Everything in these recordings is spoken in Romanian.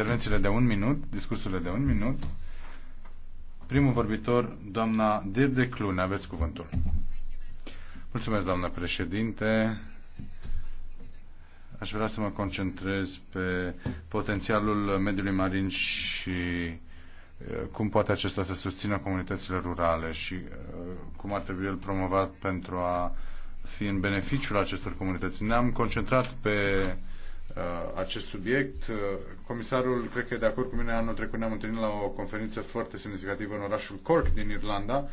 intervențiile de un minut, discursurile de un minut. Primul vorbitor, doamna Dirde Clune, aveți cuvântul. Mulțumesc, doamna președinte. Aș vrea să mă concentrez pe potențialul mediului marin și cum poate acesta să susțină comunitățile rurale și cum ar trebui el promovat pentru a fi în beneficiul acestor comunități. Ne-am concentrat pe uh, Uh, acest subiect. Uh, comisarul, cred că e de acord cu mine, anul trecut ne-am întâlnit la o conferință foarte semnificativă în orașul Cork din Irlanda,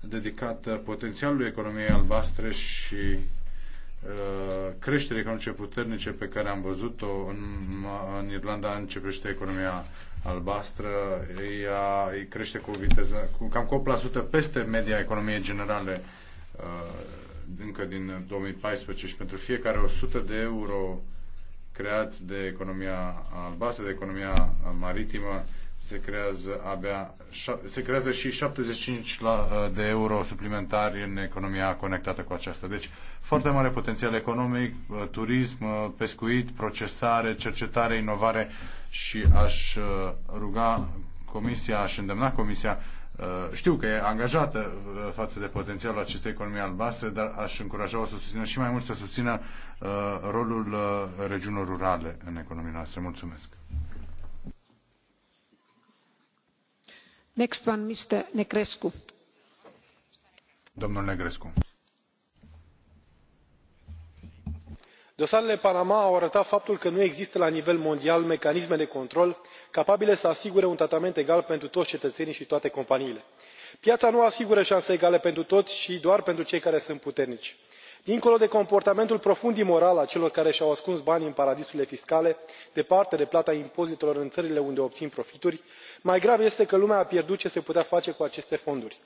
dedicată potențialului economiei albastre și creștere uh, creșterii economice puternice pe care am văzut-o în, în Irlanda în ce privește economia albastră. Ea îi crește cu viteză, cu cam cu 8% peste media economiei generale uh, încă din 2014 și pentru fiecare 100 de euro creați de economia albastră, de economia maritimă, se creează, abia, se creează și 75 ă, de euro suplimentari în economia conectată cu aceasta. Deci foarte mare potențial economic, ă, turism, ă, pescuit, procesare, cercetare, inovare și aș ruga Comisia, aș îndemna Comisia Uh, știu că e angajată uh, față de potențialul acestei economii albastre, dar aș încuraja-o să susțină și mai mult să susțină uh, rolul regiunilor rurale în economia noastră. Mulțumesc! Next one, Mr. Negrescu. Domnul Negrescu dosarele panama au arătat faptul că nu există la nivel mondial mecanisme de control capabile să asigure un tratament egal pentru toți cetățenii și toate companiile. piața nu asigură șanse egale pentru toți și doar pentru cei care sunt puternici. dincolo de comportamentul profund imoral al celor care și au ascuns banii în paradisurile fiscale departe de plata impozitelor în țările unde obțin profituri mai grav este că lumea a pierdut ce se putea face cu aceste fonduri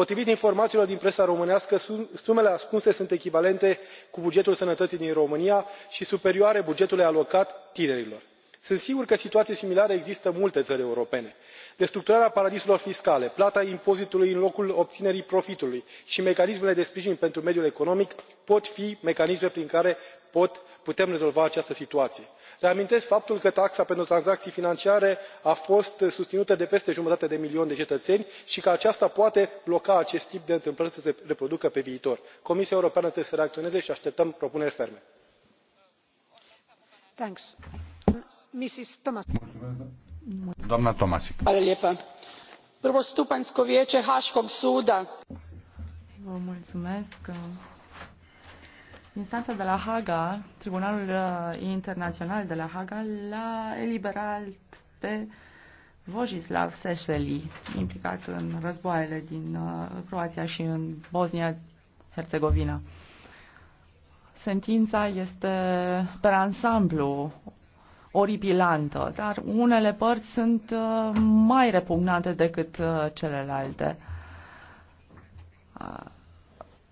potrivit informațiilor din presa românească sumele ascunse sunt echivalente cu bugetul sănătății din românia și superioare bugetului alocat tinerilor sunt sigur că situații similare există în multe țări europene destructurarea paradisurilor fiscale plata impozitului în locul obținerii profitului și mecanismele de sprijin pentru mediul economic pot fi mecanisme prin care putem rezolva această situație. reamintesc faptul că taxa pentru tranzacții financiare a fost susținută de peste jumătate de milion de cetățeni și că aceasta poate bloca acest tip de întâmplări să se reproducă pe viitor. comisia europeană trebuie să reacționeze și așteptăm propuneri ferme doamnă tomaić prvostupanjsko vijeće haškog suda instanța de la haga tribunalul uh, internațional de la haga l a eliberat pe vojislav seseli implicat în războaiele din uh, croația și în bosnia herțegovina sentința este, pe ansamblu, oripilantă, dar unele părți sunt uh, mai repugnante decât uh, celelalte. Uh,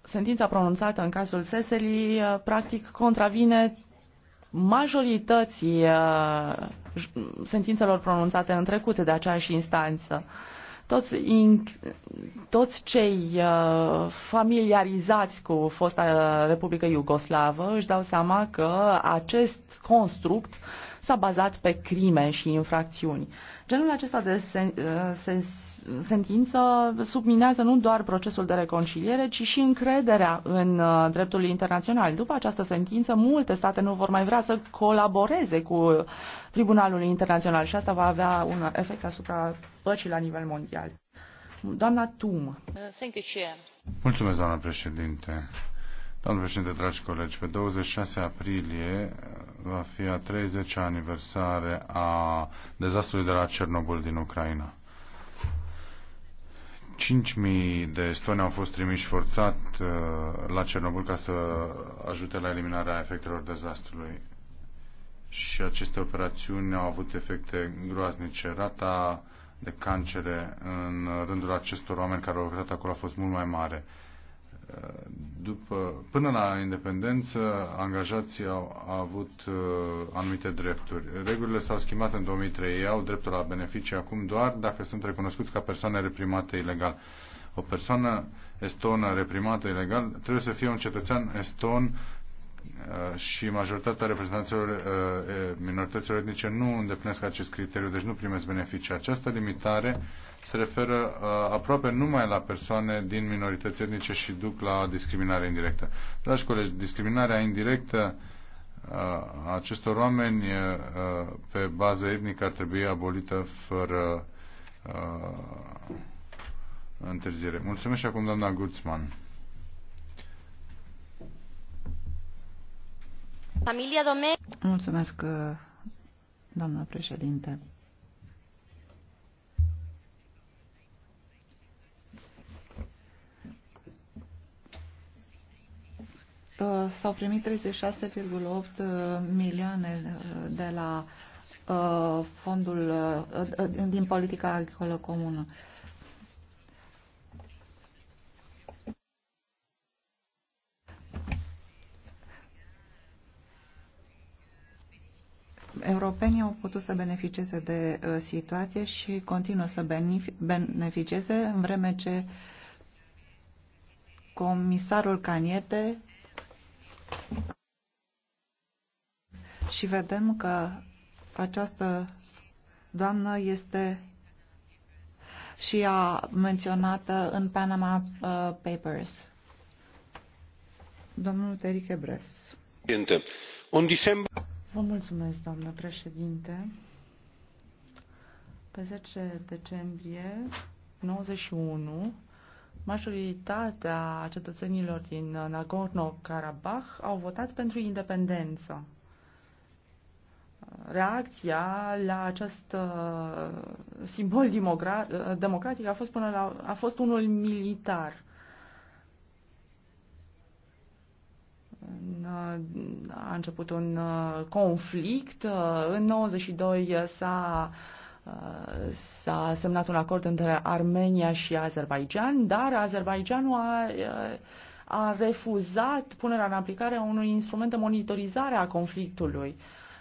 sentința pronunțată în cazul Seselii practic contravine majorității sentințelor pronunțate în trecut de aceeași instanță. Toți, in, toți cei familiarizați cu fosta Republică Iugoslavă își dau seama că acest construct s-a bazat pe crime și infracțiuni. Genul acesta de sen, uh, sen, sentință subminează nu doar procesul de reconciliere, ci și încrederea în uh, dreptul internațional. După această sentință, multe state nu vor mai vrea să colaboreze cu Tribunalul Internațional și asta va avea un efect asupra păcii la nivel mondial. Doamna Tum. Uh, Mulțumesc, doamna președinte. Doamna președinte, dragi colegi, pe 26 aprilie va fi a 30-a aniversare a dezastrului de la Cernobâl din Ucraina. 5.000 de estoni au fost trimiși forțat uh, la Cernobâl ca să ajute la eliminarea efectelor dezastrului. Și aceste operațiuni au avut efecte groaznice. Rata de cancere în rândul acestor oameni care au lucrat acolo a fost mult mai mare după, până la independență, angajații au, au avut uh, anumite drepturi. Regulile s-au schimbat în 2003. Ei au dreptul la beneficii acum doar dacă sunt recunoscuți ca persoane reprimate ilegal. O persoană estonă reprimată ilegal trebuie să fie un cetățean eston Uh, și majoritatea reprezentanților uh, minorităților etnice nu îndeplinesc acest criteriu, deci nu primesc beneficii. Această limitare se referă uh, aproape numai la persoane din minorități etnice și duc la discriminare indirectă. Dragi colegi, discriminarea indirectă acestor oameni pe bază etnică ar trebui abolită fără întârziere. Mulțumesc și acum doamna Guzman. Familia Dome. Mulțumesc, uh, doamna președinte. Uh, s-au primit 36,8 uh, milioane de la fondul din politica agricolă comună. Europenii au putut să beneficieze de uh, situație și continuă să beneficieze în vreme ce comisarul Caniete și vedem că această doamnă este și a menționată uh, în Panama uh, Papers. Domnul Teric Ebres. Un decembrie Vă mulțumesc, doamnă președinte. Pe 10 decembrie 91, majoritatea cetățenilor din Nagorno-Karabakh au votat pentru independență. Reacția la acest uh, simbol uh, democratic a fost, până la, a fost unul militar. În uh, a început un uh, conflict. Uh, în 92 s-a uh, s-a semnat un acord între Armenia și Azerbaijan, dar Azerbaijanul a, a refuzat punerea în aplicare a unui instrument de monitorizare a conflictului.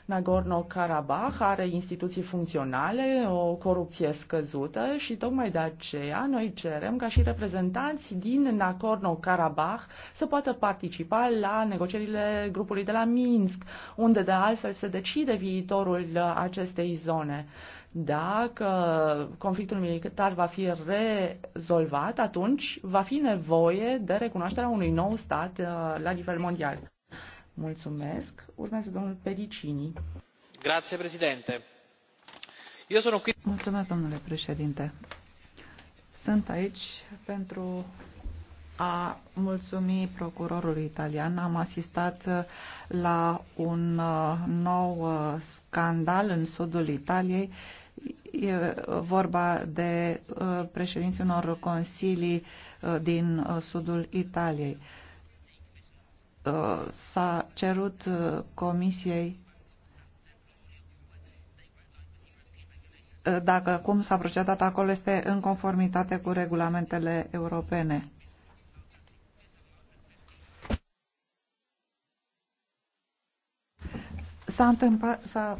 Nagorno-Karabakh are instituții funcționale, o corupție scăzută și tocmai de aceea noi cerem ca și reprezentanți din Nagorno-Karabakh să poată participa la negocierile grupului de la Minsk, unde de altfel se decide viitorul acestei zone dacă conflictul militar va fi rezolvat, atunci va fi nevoie de recunoașterea unui nou stat uh, la nivel mondial. Mulțumesc. Urmează domnul Pedicini. Grazie, președinte. Eu sunt qui... Mulțumesc, domnule președinte. Sunt aici pentru a mulțumi procurorului italian. Am asistat la un uh, nou uh, scandal în sudul Italiei. E uh, vorba de președinții unor consilii din sudul Italiei Uh, s-a cerut uh, Comisiei uh, dacă cum s-a procedat acolo este în conformitate cu regulamentele europene. S-a întâmplat, s-a,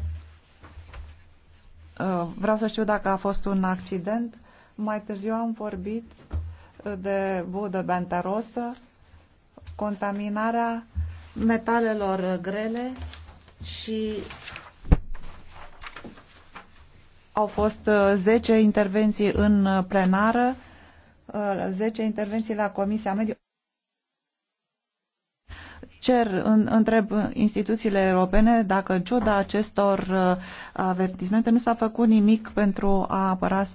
vreau să știu dacă a fost un accident. Mai târziu am vorbit de budă bentarosă, contaminarea metalelor grele și au fost 10 uh, intervenții în uh, plenară, 10 uh, intervenții la Comisia Mediu. Cer, în, întreb instituțiile europene dacă în ciuda acestor avertismente nu s-a făcut nimic pentru a apăra uh,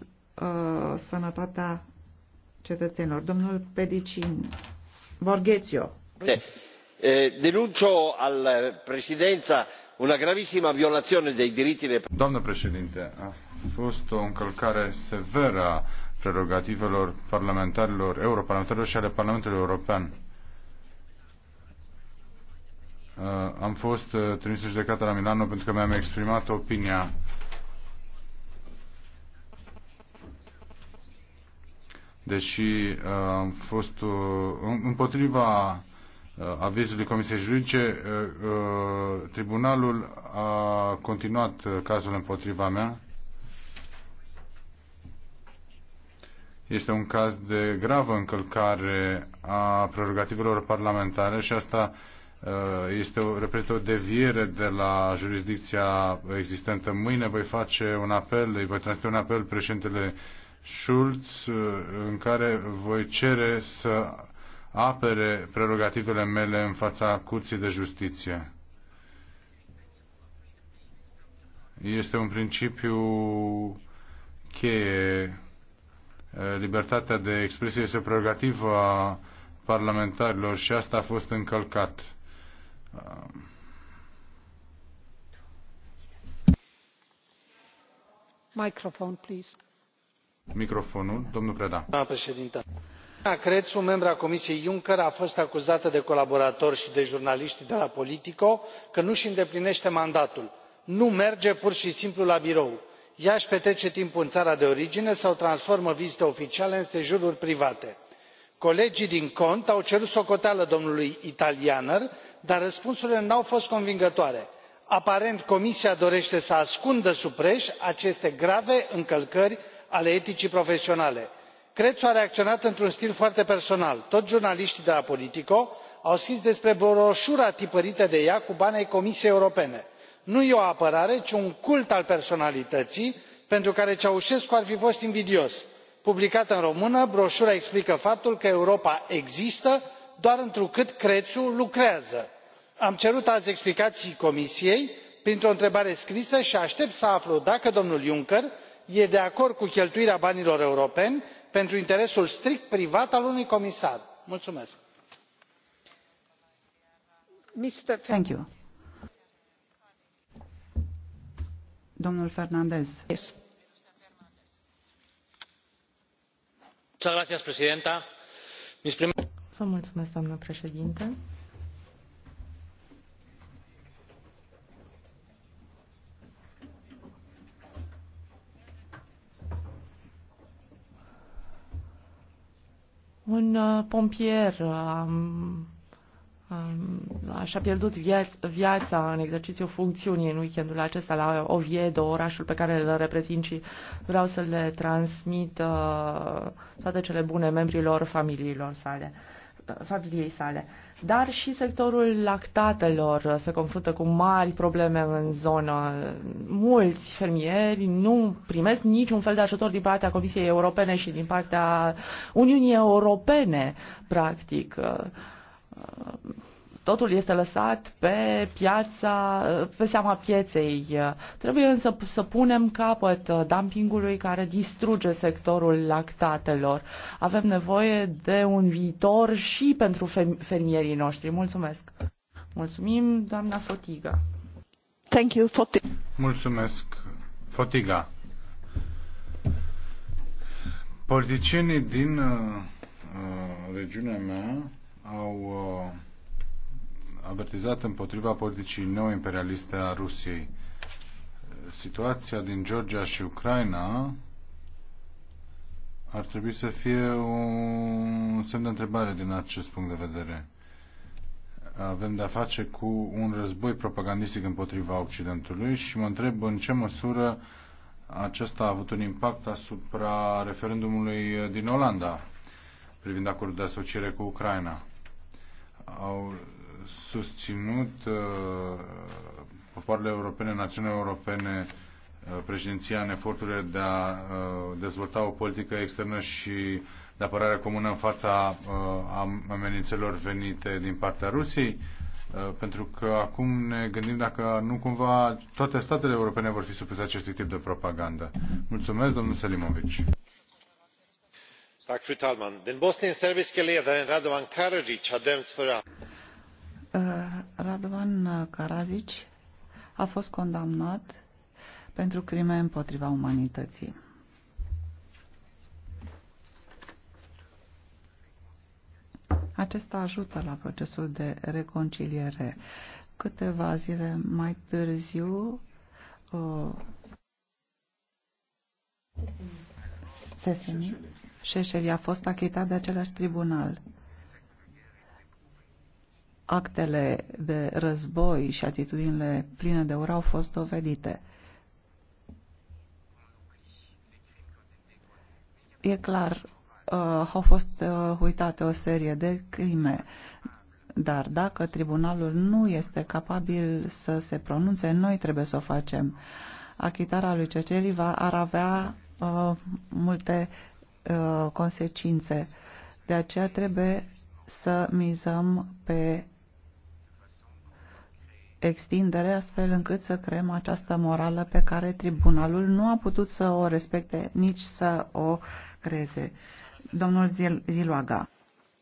sănătatea cetățenilor. Domnul Pedicin. Eh, domnule președinte, a fost o încălcare severă a prerogativelor parlamentarilor, europarlamentarilor și ale Parlamentului European. Eh, am fost eh, trimis în judecată la Milano pentru că mi-am exprimat opinia deși uh, am fost uh, împotriva uh, avizului Comisiei Juridice, tribunalul a continuat cazul împotriva mea. Este un caz de gravă încălcare a prerogativelor parlamentare și asta este o, reprezintă o deviere de la jurisdicția existentă. Mâine voi face un apel, îi voi transmite un apel președintele Schulz în care voi cere să apere prerogativele mele în fața Curții de Justiție. Este un principiu cheie. Libertatea de expresie este prerogativă a parlamentarilor și asta a fost încălcat. Microphone, please doamnă președintă, doamna Crețu, a Comisiei Juncker, a fost acuzată de colaboratori și de jurnaliștii de la Politico că nu își îndeplinește mandatul. Nu merge pur și simplu la birou. Ea își petrece timpul în țara de origine sau transformă vizite oficiale în sejururi private. Colegii din cont au cerut socoteală domnului italianer dar răspunsurile nu au fost convingătoare. aparent comisia dorește să ascundă sub preș aceste grave încălcări ale eticii profesionale. crețu a reacționat într un stil foarte personal toți jurnaliștii de la politico au scris despre broșura tipărită de ea cu bani ai comisiei europene. nu e o apărare ci un cult al personalității pentru care ceaușescu ar fi fost invidios. publicată în română broșura explică faptul că europa există doar întrucât crețu lucrează. am cerut azi explicații comisiei printr o întrebare scrisă și aștept să aflu dacă domnul juncker e de acord cu cheltuirea banilor europeni pentru interesul strict privat al unui comisar. mulțumesc. doamnă președintă un uh, pompier um, uh, și-a pierdut viaț- viața în exercițiu funcțiunii în weekendul acesta la Oviedo, orașul pe care îl reprezint și vreau să le transmit uh, toate cele bune membrilor familiilor sale familiei sale. Dar și sectorul lactatelor se confruntă cu mari probleme în zonă. Mulți fermieri nu primesc niciun fel de ajutor din partea Comisiei Europene și din partea Uniunii Europene, practic Totul este lăsat pe piața, pe seama pieței. Trebuie însă să punem capăt dumpingului care distruge sectorul lactatelor. Avem nevoie de un viitor și pentru fermierii noștri. Mulțumesc! Mulțumim, doamna Fotiga. Thank you, Fotiga. Mulțumesc, Fotiga. Politicienii din uh, uh regiunea mea au uh, avertizat împotriva politicii neoimperialiste a Rusiei. Situația din Georgia și Ucraina ar trebui să fie un semn de întrebare din acest punct de vedere. Avem de-a face cu un război propagandistic împotriva Occidentului și mă întreb în ce măsură acesta a avut un impact asupra referendumului din Olanda privind acordul de asociere cu Ucraina. Au susținut uh, popoarele europene, națiunile europene, uh, președinția în eforturile de a uh, dezvolta o politică externă și de apărare comună în fața amenințelor venite din partea Rusiei, pentru că acum ne gândim dacă nu cumva toate statele europene vor fi supuse acestui tip de propagandă. Mulțumesc, domnul Selimovici. Fru talman! Den bosnienserbiske ledaren Radovan Karadzic har dömts för Uh, Radovan Karazici a fost condamnat pentru crime împotriva umanității. Acesta ajută la procesul de reconciliere. Câteva zile mai târziu uh, Șeșeli a fost achitat de același tribunal actele de război și atitudinile pline de ură au fost dovedite. E clar, uh, au fost uh, uitate o serie de crime, dar dacă tribunalul nu este capabil să se pronunțe, noi trebuie să o facem. Achitarea lui Ceceliva ar avea uh, multe uh, consecințe. De aceea trebuie să mizăm pe extindere astfel încât să creăm această morală pe care tribunalul nu a putut să o respecte, nici să o creeze. Domnul Zil Ziluaga.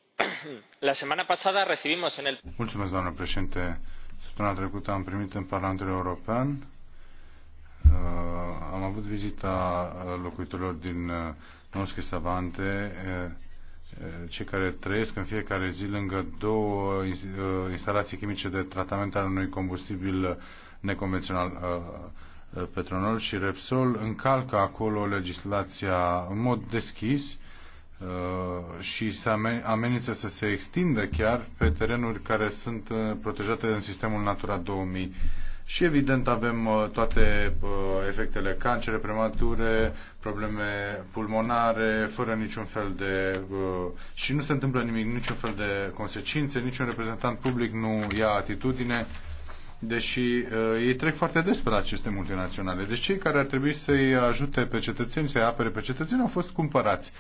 La semana pasada recibimos en el... Mulțumesc, doamnă președinte. Săptămâna trecută am primit în Parlamentul European Uh, am avut vizita uh, locuitorilor din uh, Nosche Savante, uh, cei care trăiesc în fiecare zi lângă două uh, instalații chimice de tratament al unui combustibil neconvențional uh, uh, Petronol și Repsol încalcă acolo legislația în mod deschis și se amenință să se extindă chiar pe terenuri care sunt protejate în sistemul Natura 2000 și evident avem uh, toate uh, efectele cancere premature, probleme pulmonare, fără niciun fel de... Uh, și nu se întâmplă nimic, niciun fel de consecințe, niciun reprezentant public nu ia atitudine, deși ei trec foarte des pe la aceste multinaționale. Deci cei care ar trebui să-i ajute pe cetățeni, să-i apere pe cetățeni, au fost cumpărați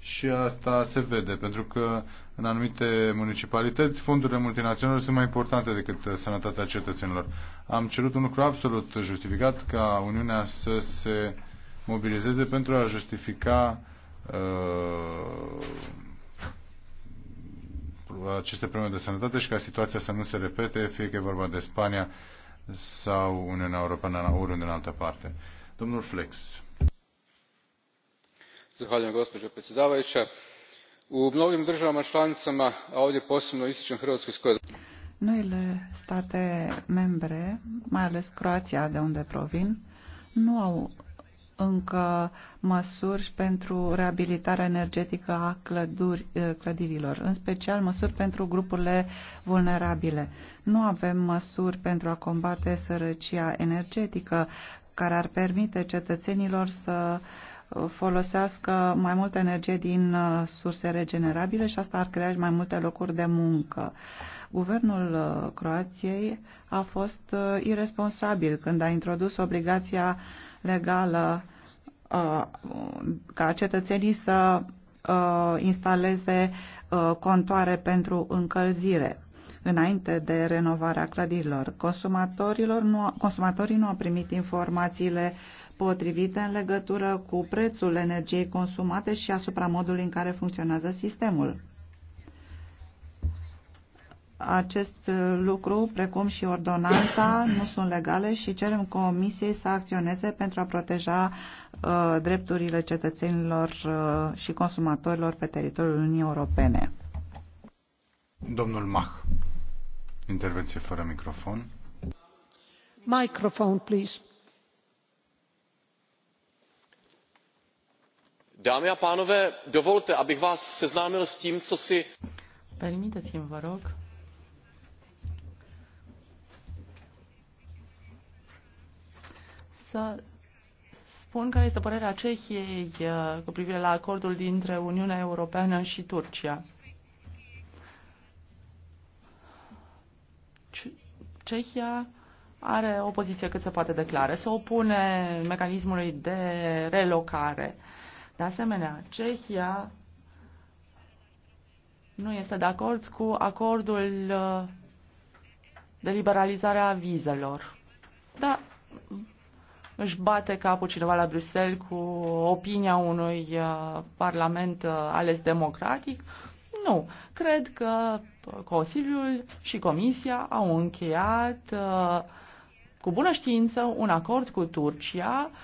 și asta se vede, pentru că în anumite municipalități fondurile multinaționale sunt mai importante decât sănătatea cetățenilor. Am cerut un lucru absolut justificat ca Uniunea să se mobilizeze pentru a justifica uh, aceste probleme de sănătate și ca situația să nu se repete, fie că e vorba de Spania sau Uniunea Europeană oriunde în altă parte. Domnul Flex gospođo predsjednice u mnogim državama članicama a ovdje posebno ističem hrvatsku iz koje. noile state membre mai ales croația de unde provin nu au încă măsuri pentru reabilitarea energetică a clăduri, eh, clădirilor, în special măsuri pentru grupurile vulnerabile. Nu avem măsuri pentru a combate sărăcia energetică care ar permite cetățenilor să uh, folosească mai multă energie din uh, surse regenerabile și asta ar crea mai multe locuri de muncă. Guvernul uh, Croației a fost uh, irresponsabil când a introdus obligația legală ca cetățenii să instaleze contoare pentru încălzire înainte de renovarea clădirilor. Consumatorilor nu, consumatorii nu au primit informațiile potrivite în legătură cu prețul energiei consumate și asupra modului în care funcționează sistemul. Acest lucru, precum și ordonanța, nu sunt legale și cerem Comisiei să acționeze pentru a proteja uh, drepturile cetățenilor uh, și consumatorilor pe teritoriul Uniunii Europene. Domnul Mach, intervenție fără microfon. Microfon, please dámy a pánové dovolte abych vás seznámil s tím co si. permiteți mi vă rog spun care este părerea Cehiei eh, cu privire la acordul dintre Uniunea Europeană și Turcia. Cehia are o poziție cât se poate declara, Se opune mecanismului de relocare. Uh, de asemenea, Cehia nu este de acord cu acordul uh, de liberalizare a vizelor. Da, își bate capul cineva la Bruxelles cu opinia unui uh, parlament uh, ales democratic? Nu. Cred că Consiliul și Comisia au încheiat cu bună știință un acord cu Turcia uh,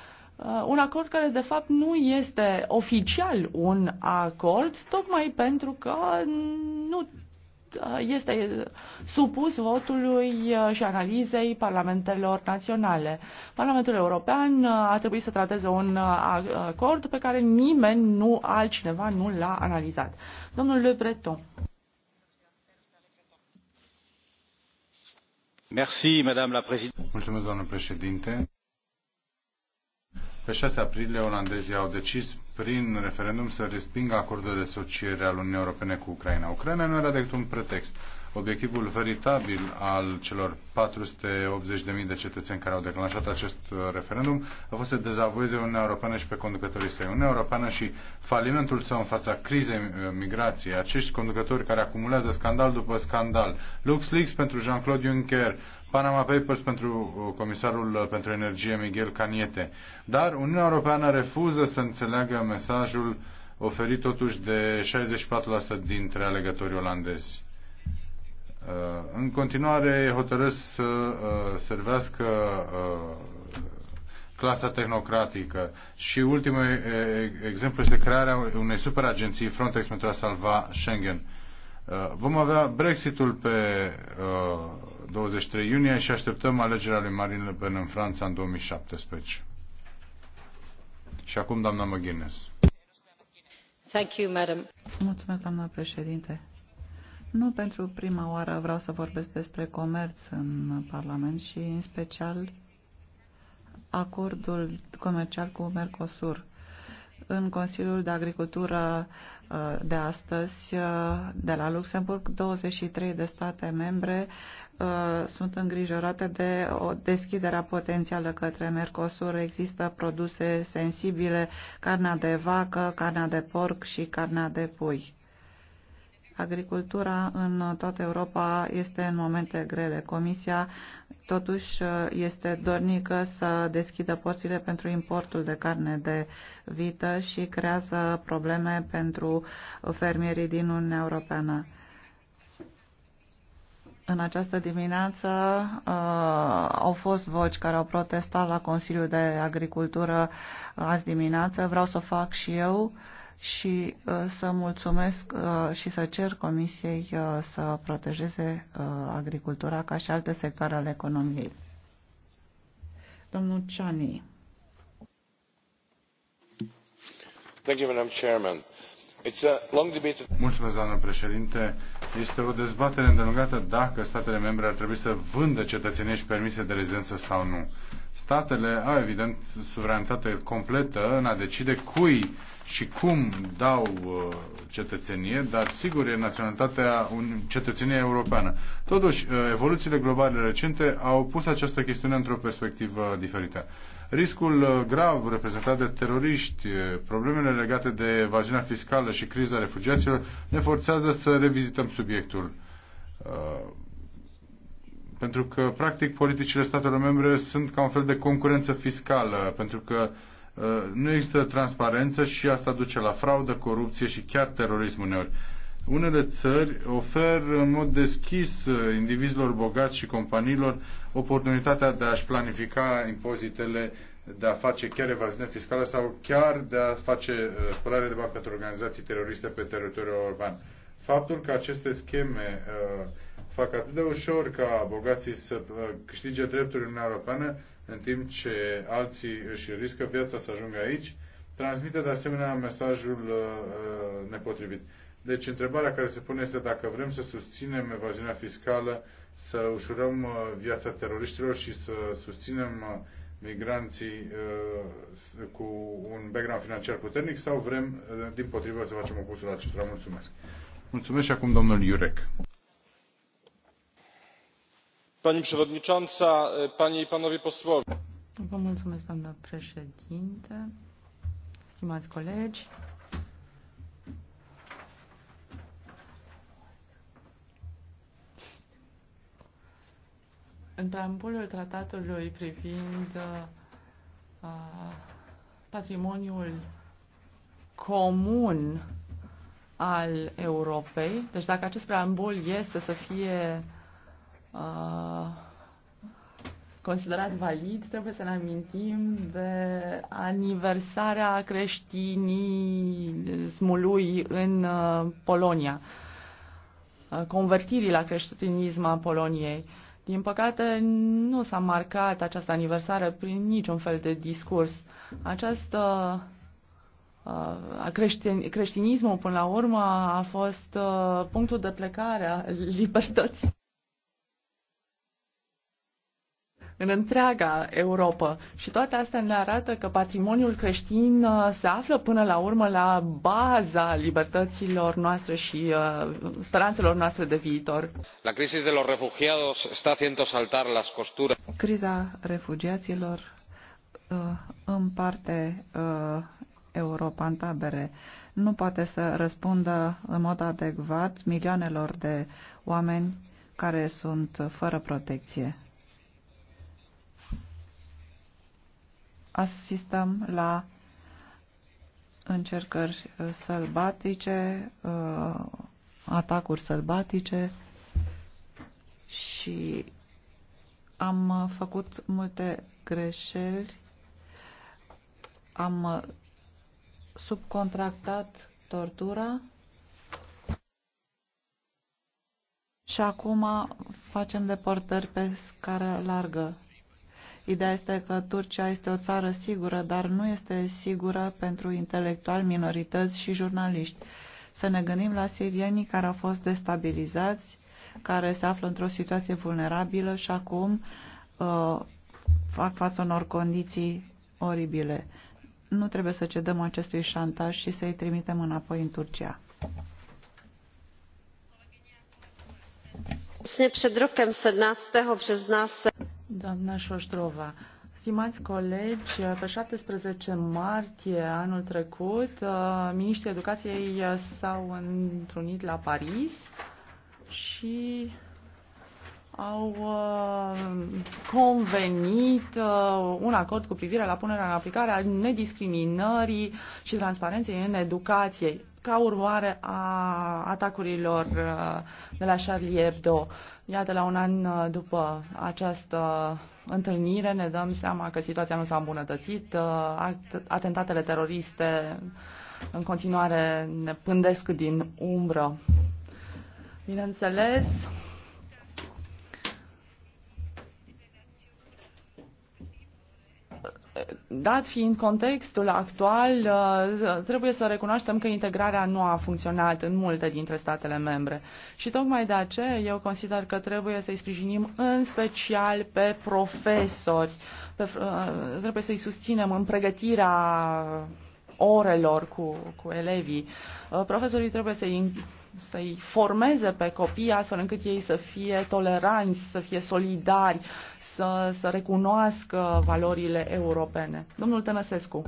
Uh, un acord care de fapt nu este oficial un acord, tocmai pentru că nu uh, este supus votului uh, și analizei parlamentelor naționale. Parlamentul European a trebuit să trateze un acord pe care nimeni, nu altcineva, nu l-a analizat. Domnul Le Breton. Mulțumesc, doamnă președinte pe 6 aprilie olandezii au decis prin referendum să respingă acordul de asociere al Uniunii Europene cu Ucraina. Ucraina nu era decât un pretext. Obiectivul veritabil al celor 480.000 de cetățeni care au declanșat acest uh, referendum a fost să dezavoieze Uniunea Europeană și pe conducătorii săi. Uniunea Europeană și falimentul său în fața crizei uh, migrației, acești conducători care acumulează scandal după scandal, LuxLeaks pentru Jean-Claude Juncker, Panama Papers pentru uh, comisarul pentru energie Miguel Caniete. Dar Uniunea Europeană refuză să înțeleagă mesajul oferit totuși de 64% dintre alegătorii olandezi. Uh, în continuare hotărât să uh, servească uh, clasa tehnocratică și ultimul exemplu este crearea unei superagenții Frontex pentru a salva Schengen. Vom avea Brexitul pe 23 iunie și așteptăm alegerea lui Marine Le Pen în Franța în 2017. Și acum, doamna McGuinness. Thank you, madam. Mulțumesc, doamna președinte. Nu pentru prima oară vreau să vorbesc despre comerț în Parlament și în special acordul comercial cu Mercosur. În Consiliul de Agricultură uh, de astăzi, uh, de la Luxemburg, 23 de state membre uh, sunt îngrijorate de o deschidere potențială către Mercosur. Există produse sensibile, carnea de vacă, carnea de porc și carnea de pui Agricultura în toată Europa este în momente grele. Comisia totuși este dornică să deschidă porțile pentru importul de carne de vită și creează probleme pentru fermierii din Uniunea Europeană. În această dimineață uh, au fost voci care au protestat la Consiliul de Agricultură azi dimineață. Vreau să o fac și eu. Uh, și uh, să mulțumesc uh, și să cer Comisiei uh, să protejeze agricultura ca și alte sectoare ale economiei. Domnul Ciani. Mulțumesc, doamnă președinte. Este o dezbatere îndelungată dacă statele membre ar trebui să vândă cetățenii și permise de rezidență sau nu. Statele au, evident, suveranitate completă în a decide cui și cum dau uh, cetățenie, dar sigur e naționalitatea cetățenie europeană. Totuși, uh, evoluțiile globale recente au pus această chestiune într-o perspectivă diferită. Riscul uh, grav reprezentat de teroriști, problemele legate de evaziunea fiscală și criza refugiaților ne forțează să revizităm subiectul pentru că, practic, politicile statelor membre sunt ca un fel de concurență fiscală, pentru că uh, nu există transparență și asta duce la fraudă, corupție și chiar terorism uneori. Unele țări oferă în mod deschis uh, indivizilor bogați și companiilor oportunitatea de a-și planifica impozitele, de a face chiar evaziune fiscală sau chiar de a face uh, spălare de bani pentru organizații teroriste pe teritoriul urban faptul că aceste scheme uh, fac atât de ușor ca bogații să uh, câștige drepturi în Europeană, în timp ce alții își riscă viața să ajungă aici, transmite de asemenea mesajul uh, uh nepotrivit. Deci întrebarea care se pune este dacă vrem să susținem evaziunea fiscală, să ușurăm uh, viața teroriștilor și să susținem migranții uh, cu un background financiar puternic sau vrem, din potrivă, să facem opusul acestora. Mulțumesc! Mulțumesc și acum domnul Iurec. Pani przewodnicząca, panie i panowie posłowie. Vă mulțumesc, doamnă președinte, stimați colegi. În preambulul tratatului privind uh, patrimoniul comun al Europei, deci dacă acest preambul este să fie uh, considerat valid, trebuie să ne amintim de aniversarea creștinismului în uh, Polonia, uh, convertirii la creștinism a Poloniei. Din păcate, nu s-a marcat această aniversare prin niciun fel de discurs. Această uh, Uh, creștin, creștinismul până la urmă a fost uh, punctul de plecare a libertății în întreaga Europa. Și toate astea ne arată că patrimoniul creștin uh, se află până la urmă la baza libertăților noastre și speranțelor noastre de viitor. La crisis de los refugiados está haciendo saltar las costuras. Criza refugiaților în uh, Europa în tabere. Nu poate să răspundă în mod adecvat milioanelor de oameni care sunt fără protecție. Asistăm la încercări sălbatice, uh, atacuri sălbatice și am făcut multe greșeli, am subcontractat tortura și acum facem deportări pe scară largă. Ideea este că Turcia este o țară sigură, dar nu este sigură pentru intelectuali, minorități și jurnaliști. Să ne gândim la sirienii care au fost destabilizați, care se află într-o situație vulnerabilă și acum uh, fac față unor condiții oribile nu trebuie să cedăm acestui șantaj și să-i trimitem înapoi în Turcia. Doamna Șoștrova, Stimați colegi, pe 17 martie anul trecut, uh, miniștrii educației s-au întrunit la Paris și au uh, convenit uh, un acord cu privire la punerea în aplicare a nediscriminării și transparenței în educație ca urmare a atacurilor uh, de la Charlie Hebdo. Iată, la un an după această întâlnire ne dăm seama că situația nu s-a îmbunătățit, atentatele teroriste în continuare ne pândesc din umbră. Bineînțeles, Dat fiind contextul actual, uh, trebuie să recunoaștem că integrarea nu a funcționat în multe dintre statele membre. Și tocmai de aceea eu consider că trebuie să-i sprijinim în special pe profesori, pe, uh, trebuie să-i susținem în pregătirea orelor cu, cu elevii. Uh, profesorii trebuie să-i să-i formeze pe copii astfel încât ei să fie toleranți, să fie solidari, să, să recunoască valorile europene. Domnul Tănăsescu.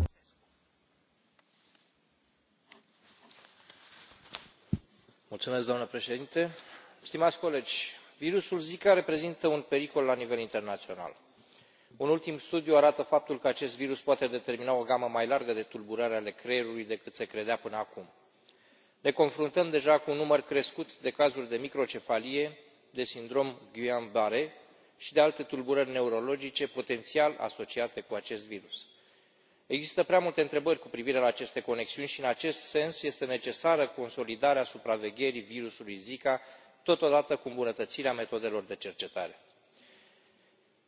Mulțumesc, domnule președinte. Stimați colegi, virusul Zika reprezintă un pericol la nivel internațional. Un ultim studiu arată faptul că acest virus poate determina o gamă mai largă de tulburări ale creierului decât se credea până acum ne confruntăm deja cu un număr crescut de cazuri de microcefalie de sindrom guillain barré și de alte tulburări neurologice potențial asociate cu acest virus. există prea multe întrebări cu privire la aceste conexiuni și în acest sens este necesară consolidarea supravegherii virusului zika totodată cu îmbunătățirea metodelor de cercetare.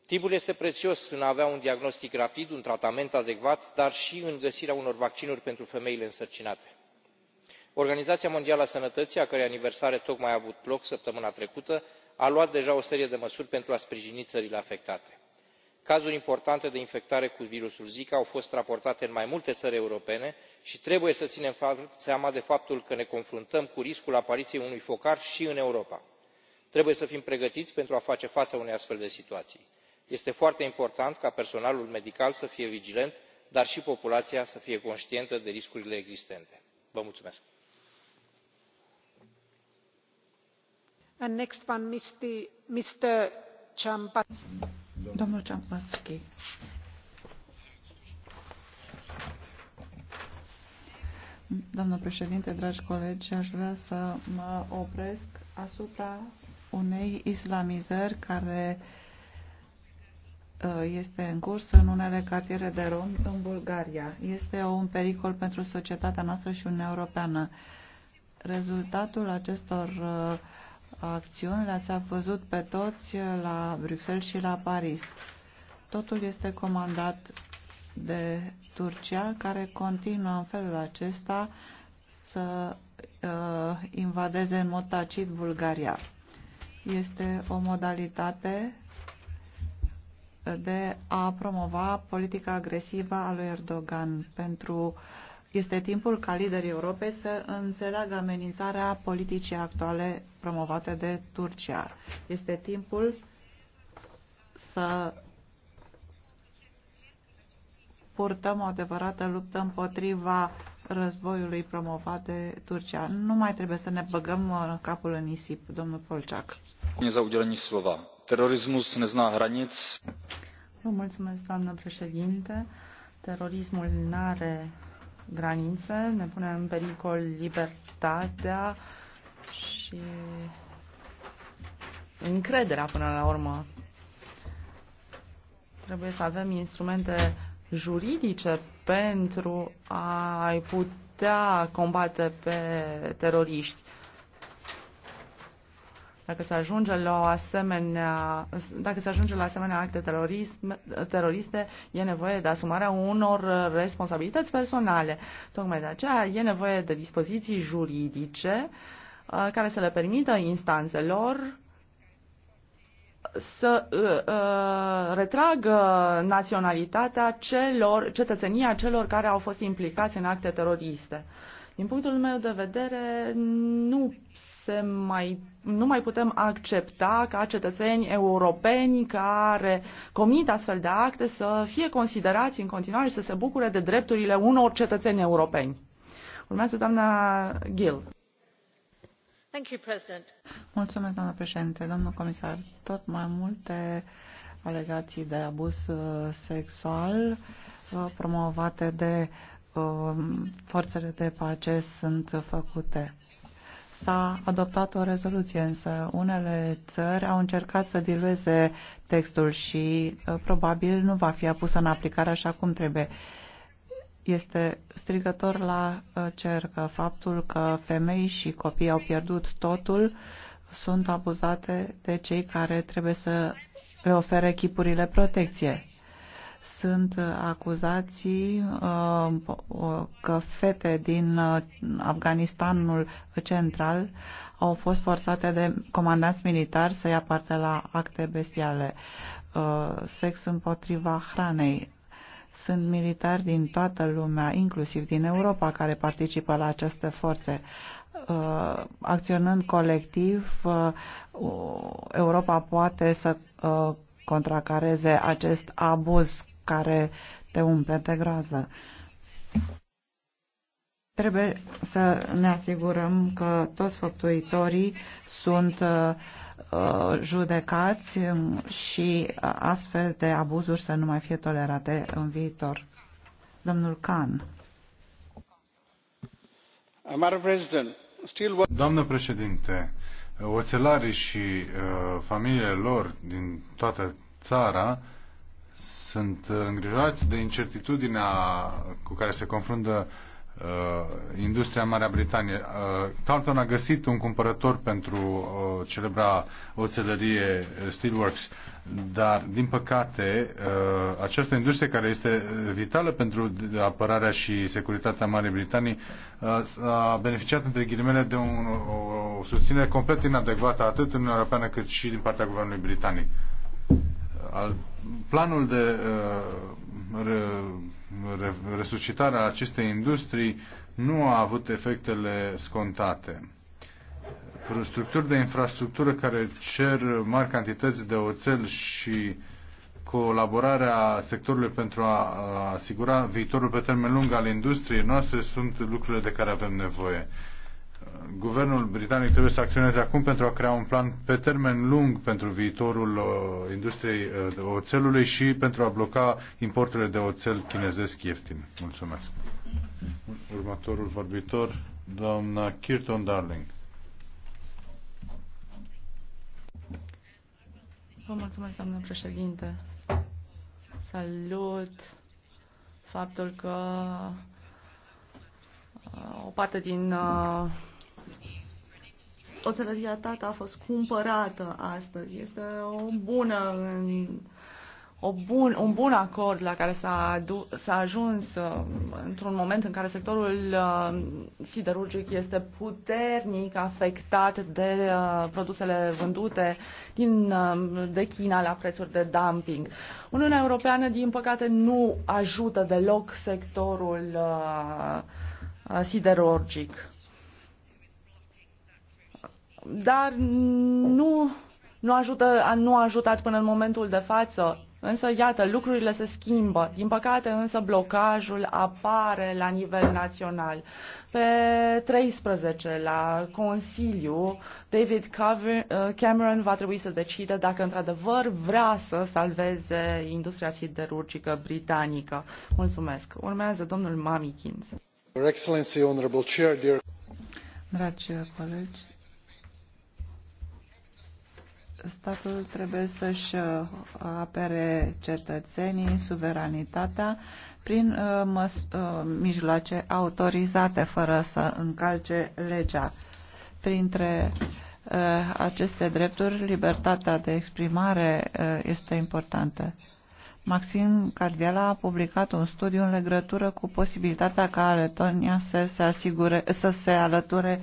timpul este prețios în a avea un diagnostic rapid un tratament adecvat dar și în găsirea unor vaccinuri pentru femeile însărcinate organizația mondială a sănătății a cărei aniversare tocmai a avut loc săptămâna trecută a luat deja o serie de măsuri pentru a sprijini țările afectate. cazuri importante de infectare cu virusul zika au fost raportate în mai multe țări europene și trebuie să ținem seama de faptul că ne confruntăm cu riscul apariției unui focar și în europa. trebuie să fim pregătiți pentru a face față unei astfel de situații. este foarte important ca personalul medical să fie vigilent dar și populația să fie conștientă de riscurile existente. vă mulțumesc. domnule Ciambatski. Doamnă președinte, dragi colegi, aș vrea să mă opresc asupra unei islamizări care uh, este în curs în unele cartiere de romi în Bulgaria. Este un pericol pentru societatea noastră și Uniunea Europeană. Rezultatul acestor uh, acțiuni, le-ați văzut pe toți la Bruxelles și la Paris. Totul este comandat de Turcia, care continuă în felul acesta să uh, invadeze în mod tacit Bulgaria. Este o modalitate de a promova politica agresivă a lui Erdogan pentru uh, este timpul ca liderii Europei să înțeleagă amenințarea politicii actuale promovate de Turcia. Este timpul să purtăm o adevărată luptă împotriva războiului promovat de Turcia. Nu mai trebuie să ne băgăm în uh, capul în nisip, domnul Polceac. za udělení slova. Terorismus Vă mulțumesc, doamnă președinte. Terorismul nu are granițe, ne pune în pericol libertatea și încrederea până la urmă. Trebuie să avem instrumente juridice pentru a-i putea combate pe teroriști. Dacă se ajunge la asemenea, dacă se ajunge la asemenea acte terorism, teroriste, e nevoie de asumarea unor responsabilități personale. Tocmai de aceea e nevoie de dispoziții juridice uh, care să le permită instanțelor să uh, uh, retragă naționalitatea celor, cetățenia celor care au fost implicați în acte teroriste. Din punctul meu de vedere, nu se mai, nu mai putem accepta ca cetățeni europeni care comit astfel de acte să fie considerați în continuare și să se bucure de drepturile unor cetățeni europeni. Urmează doamna Gill. Mulțumesc, doamna președinte. Domnul comisar, tot mai multe alegații de abuz uh, sexual uh, promovate de uh, forțele de pace sunt făcute. S-a adoptat o rezoluție, însă unele țări au încercat să dilueze textul și uh, probabil nu va fi apusă în aplicare așa cum trebuie. Este strigător la uh, cer că faptul că femei și copii au pierdut totul sunt abuzate de cei care trebuie să le ofere chipurile protecție. Sunt uh, acuzații uh, uh, că fete din Afganistanul central au fost forțate de comandanți militari să ia parte la acte bestiale, sex împotriva hranei. Sunt militari din toată lumea, inclusiv din Europa, care participă la aceste forțe acționând colectiv, Europa poate să contracareze acest abuz care te umple pe groază. Trebuie să ne asigurăm că toți făptuitorii sunt uh, judecați um, și astfel de abuzuri să nu mai fie tolerate în viitor. Domnul Khan. Uh, Doamnă președinte, oțelarii și uh, familiile lor din toată țara sunt uh, îngrijorați de incertitudinea cu care se confruntă uh, industria în Marea Britanie. Uh, Carlton a găsit un cumpărător pentru uh, celebra oțelărie uh, Steelworks, dar, din păcate, uh, această industrie care este vitală pentru apărarea și securitatea Marii Britanii uh, a beneficiat, între ghilimele, de un, o, o susținere complet inadecvată atât în Uniunea Europeană cât și din partea guvernului britanic al, planul de uh, re, re, resuscitare a acestei industrii nu a avut efectele scontate. Structuri de infrastructură care cer mari cantități de oțel și colaborarea sectorului pentru a asigura viitorul pe termen lung al industriei noastre sunt lucrurile de care avem nevoie guvernul britanic trebuie să acționeze acum pentru a crea un plan pe termen lung pentru viitorul uh, industriei uh, oțelului și pentru a bloca importurile de oțel chinezesc ieftin. Mulțumesc. Următorul vorbitor, doamna Kirton Darling. Vă mulțumesc, doamnă președinte. Salut faptul că uh, o parte din uh, oțelăria Tata a fost cumpărată astăzi. Este o bună în, o bun, un bun acord la care s-a, ajuns uh, într-un moment în care sectorul uh, siderurgic este puternic afectat de uh, produsele vândute din, uh, de China la prețuri de dumping. Uniunea Europeană, din păcate, nu ajută deloc sectorul uh, uh siderurgic dar nu, nu, ajută, nu a ajutat până în momentul de față. Însă, iată, lucrurile se schimbă. Din păcate, însă, blocajul apare la nivel național. Pe 13, la Consiliu, David uh, Cameron va trebui să decide dacă, într-adevăr, vrea să salveze industria siderurgică britanică. Mulțumesc. Urmează domnul Mamikins. Dragi colegi, statul trebuie să-și uh, apere cetățenii, suveranitatea, prin uh, măs, uh, mijloace autorizate, fără să încalce legea. Printre aceste drepturi, libertatea de exprimare este importantă. Maxim Cardiala a publicat un studiu în legătură cu posibilitatea ca Letonia să se, asigure, să se alăture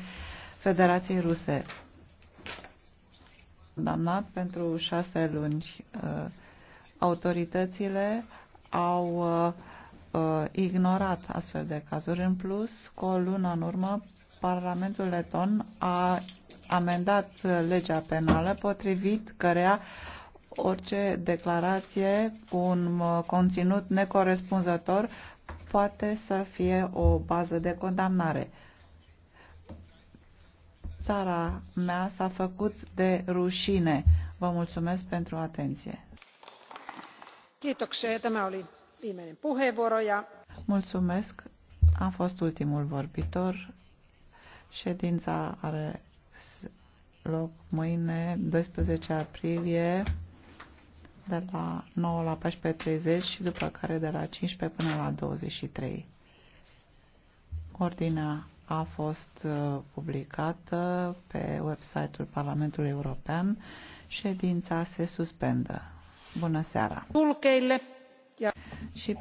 Federației Ruse condamnat pentru șase luni. Uh, autoritățile au uh, ignorat astfel de cazuri. În plus, cu o lună în urmă, Parlamentul Leton a amendat legea penală potrivit cărea orice declarație cu un uh, conținut necorespunzător poate să fie o bază de condamnare țara mea s-a făcut de rușine. Vă mulțumesc pentru atenție. Mulțumesc. Am fost ultimul vorbitor. Ședința are loc mâine, 12 aprilie, de la 9 la 14.30 și după care de la 15 până la 23. Ordinea a fost uh, publicată pe website-ul Parlamentului European. Ședința se suspendă. Bună seara! Tulkeille. Și